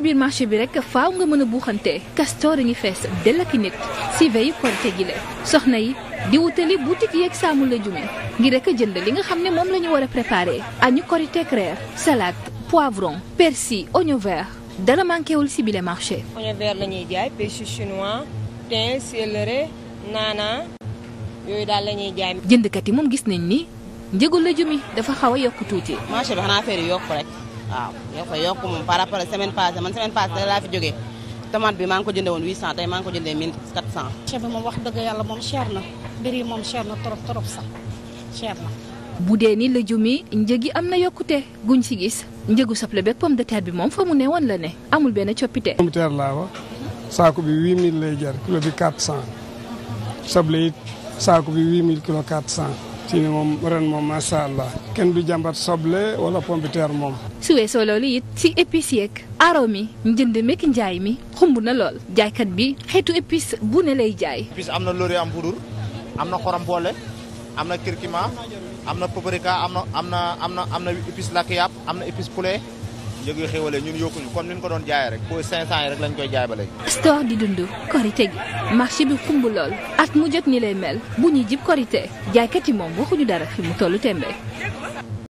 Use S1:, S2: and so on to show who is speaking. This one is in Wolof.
S1: ci biir marché bi rek faaw nga mën a buuxante kastoor yi ñu fees dell ak nit si veyu korite gi soxna yi di wutali boutique yeeg saamu la jume ngir rek jënd li nga xam ne moom la ñu war a préparé añu korite reer salade poivron persil oignon vert dara manquéwul si bile marché.
S2: oignon vert la ñuy jaay pêche chinois thym céleri naana yooyu daal la ñuy
S1: jëndkat yi moom gis nañ ni njëgu la jumi dafa xaw a yokk tuuti.
S2: marché bi xanaa affaire yi yokk rek. waaw yow fa yokk moom par rapport ak semaine passée man semaine passée laa fi jógee tomate bi maa ngi ko jëndee woon 800 tey maa ngi ko jëndee 1400. ceeb bi moom wax dëgg yàlla moom cher na mbir yi moom cher na trop trop sax cher na.
S1: bu dee ni lëjum yi njëg yi am na yokkute guñ si gis njëgu soble beeg pomme de terre bi moom fa mu ne woon la ne amul
S3: benn coppite. pomme de terre laa wax saako bi 8000 lay jar kilo bi 400 soble it saako bi 8000 kilo 400. fii ne moom ren moom macha allah kenn du jàmbat soble wala pompiteer moom.
S1: su weesoo loolu it ci épices yeeg aro mi njënd mekk njaay mi xumb na lool jaaykat bi xeetu épice bu ne lay jaay.
S3: épice am na lori am poudre am na xorom am na kirkima am na paprika am na am na am na épice lakk yàpp am na épice poulet. njëg yu xéwalee ñun yokkuñu comme ni ko doon
S2: jaayee rek pour 500 yi rek lañ koy jaay ba léegi.
S1: store di dund korite gi marché bi xumb lool at mu jot ni lay mel bu ñuy jib korite jaaykat yi moom waxuñu dara fi mu tollu tembe